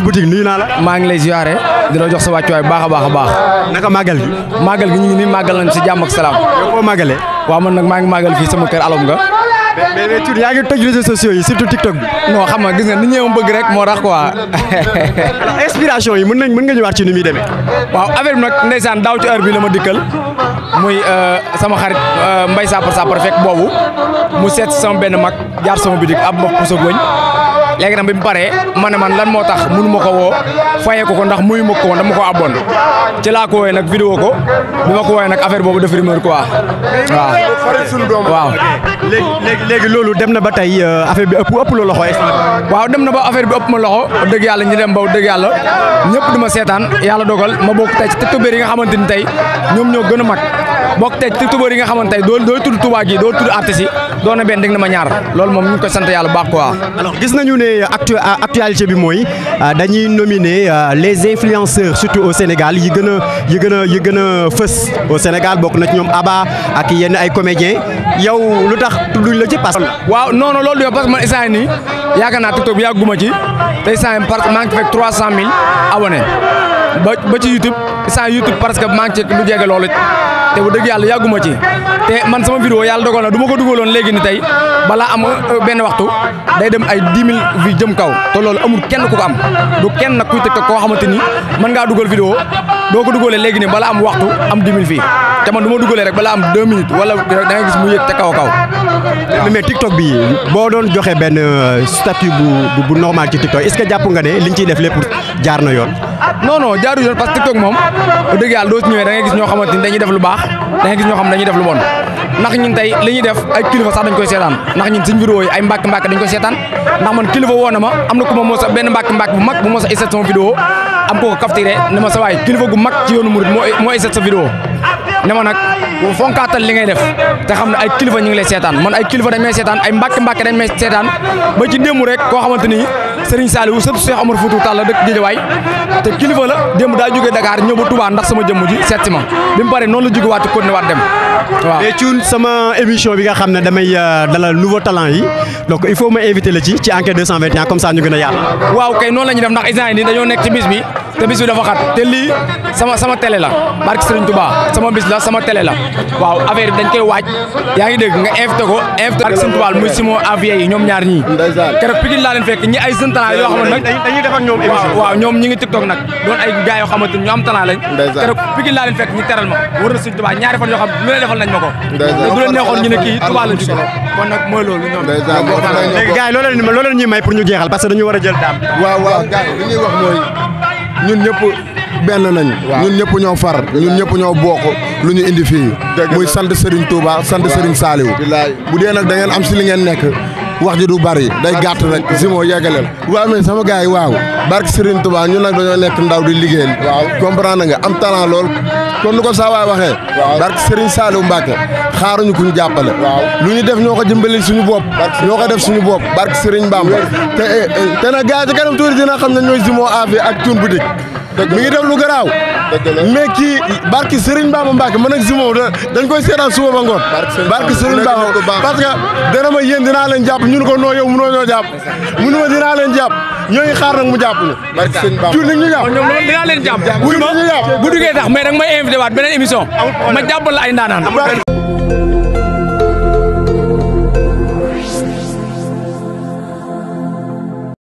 Sen Boutique naa la. maa ngi lay ziare di la jox sa wàccuwaay baax a baax a baax. naka màggal gi. màggal gi ñu ngi nii màggal nañ si jàmm ak salaam. yow koo màggalee. waaw man nag maa ngi màggal fii sama kër alom nga. mais mais Thioune yaa ngi toj réseaux sociaux yi surtout TikTok bi. non xam nga gis nga rek moo tax quoi. alors inspiration yi mën nañ mën nga ñëwaat ci ni muy demee. waaw affaire bi nag ndeysaan daaw ci heure bi la ma dikkal muy euh, sama xarit euh, Mbaye Sapar Sapar fekk boobu mu seet sama benn mag jaar sama bitik ab mbokk sa góñ léegi nag bi mu paree ma ne man lan moo tax mënu ma ko woo fayee ko ko ndax muyu ma ko woon ma ko abon ci laa ko wooyee nag vidéo ko bu ma ko wooyee nag affaire boobu def rumeur ko waaw waaw léegi léegi loolu dem na ba tey euh, affaire bi ëpp ëpp loxo yi waaw dem na ba affaire bi ëpp ma loxo dëgg yàlla ñu dem ba dëgg yàlla ñëpp du ma seetaan yàlla dogal ma bokk tey ci tëtubéer yi nga xamante ni tey ñoom ñoo gën a mag bokk te youtubeur yi nga xamante ne doo doo tudd Touba gi doo tudd artistes yi doon na benn dégg na ma ñaar loolu moom ñu koy sant yàlla bu baax quoi. alors gis nañu ne actu actualité bi mooy euh, dañuy nominer euh, les influenceurs surtout au Sénégal yi gën a yi gën a yi gën a fës au Sénégal bokk na ci ñoom Abba ak yenn ay comédiens yow lu tax tudduñ la ci parce que. waaw non non loolu du parce que man instant nii yaakaar naa TikTok yàgguma ci te instant yii parce que maa ngi ba ba ci YouTube instant parce que maa ngi ci lu jege loolu. te bu dëgg yàlla yàgguma ci te man sama vidéo yàlla dogal na duma ko dugaloon léegi ni tey balaa am euh, benn waxtu day dem ay dix mille vues jëm kaw te loolu amul kenn ku ko am du kenn nag kuy tëg koo xamante ni mën ngaa dugal vidéo doo ko dugalee léegi nii bala am waxtu am 10 000 fii te man du ma dugalee rek bala am 2 minutes wala da nga gis mu yëg te kaw kaw. mais mais TikTok bi boo doon joxe benn euh, statut bu bu normal ci TikTok est-ce que jàpp nga ne liñ ciy def lépp jaar na yoon. non non jaarul yoon parce TikTok moom dëgg yàlla doo ci ñëwee da gis ñoo xamante ni dañu def lu baax da ngay gis ñoo xam ne dañuy def lu bon. ndax ñun tey li ñuy def ay kilifa sax dañ koy seetaan nax ñun suñ ay mbàkk mbàkk dañ koy seetaan ndax woo na ma am na ku ma mos a benn mbàkk mbàkk mag bu mos a isset am koo kaftiree ne ma sa waay kilifa gu mag ci yoonu moo moo sa vidéo ne ma nag fonkaatal li ngay def te xam ne ay kilifa ñu ngi lay seetaan man ay kilifa da may seetaan ay mbàkke mbàkke dañ may seetaan ba ci démb rek koo xamante ni Serigne Saliou sëtu Cheikh Omar Foutou Tall la dëkk Guédiawaye te kilifa la démb daa jógee Dakar ñëw ba Touba ndax sama jëmm ji seet si ma bi mu paree noonu la jóge waat continué waat dem waaw mais Thioune sama émission bi nga xam ne damay euh, dalal nouveau talent yi donc il faut ma invité la ci ci enquête 221 comme ça ñu gën a waaw kay dañoo nekk ci bis bi. te bis bi dafa xat te sama sama la barke Serigne Touba sama bis sama télé la waaw affaire dañ koy waaj yaa ngi dégg nga invité ko invité barke Serigne Touba muy Simon Avier yi ñoom ñaar ñii keroog Pikine laa leen fekk ñi ay jeune yoo xam ne nag dañuy ñi ngi TikTok nag doon ay gars fekk ñu teral ma wër na Serigne Touba ñaari may pour ñu jeexal parce dañu war a daam ñun ñëpp benn nañ ñun ñëpp ñoo far ñun ñëpp ñoo bokk lu ñu indi fii muy sant Serigne Touba sant Serigne Saliou bu dee nag da ngeen am si li ngeen nekk wax ji du bari day gàtt rek Zimo yeggaleel waaw mais sama gars yi waaw barke Serigne Touba ñun nag dañoo nekk ndaw di liggéeyal waaw comprendre nga am talent lool kon nu ko saa waay waxee barke Serigne Saliou Mbacke xaaruñu ku ñu jàppale lu ñu def ñoo ko jëmbali suñu bopp ñoo ko def suñu bopp barke Serigne Bamba te eh, eh, te nag gars yi ci kanam tuuti xam na ñooy Zimo Afia ak Thioune Boutique mi ngi def lu garaaw. kii barki Serigne Bamba Mbacke man ak Zimo dañ koy seetaan suba ba ngoon. barki Serigne Bamba parce que dana ma yéen dinaa leen jàpp ñu ne ko noo yow ñoo jàpp. munu ma dinaa leen jàpp ñoo nag mu jàpp ñu. barki Serigne Bamba ñu jàpp ñoom loolu dinaa leen jàpp. wuyu ma bu duggee waat beneen émission. ma jàppal la ay ndaanaan.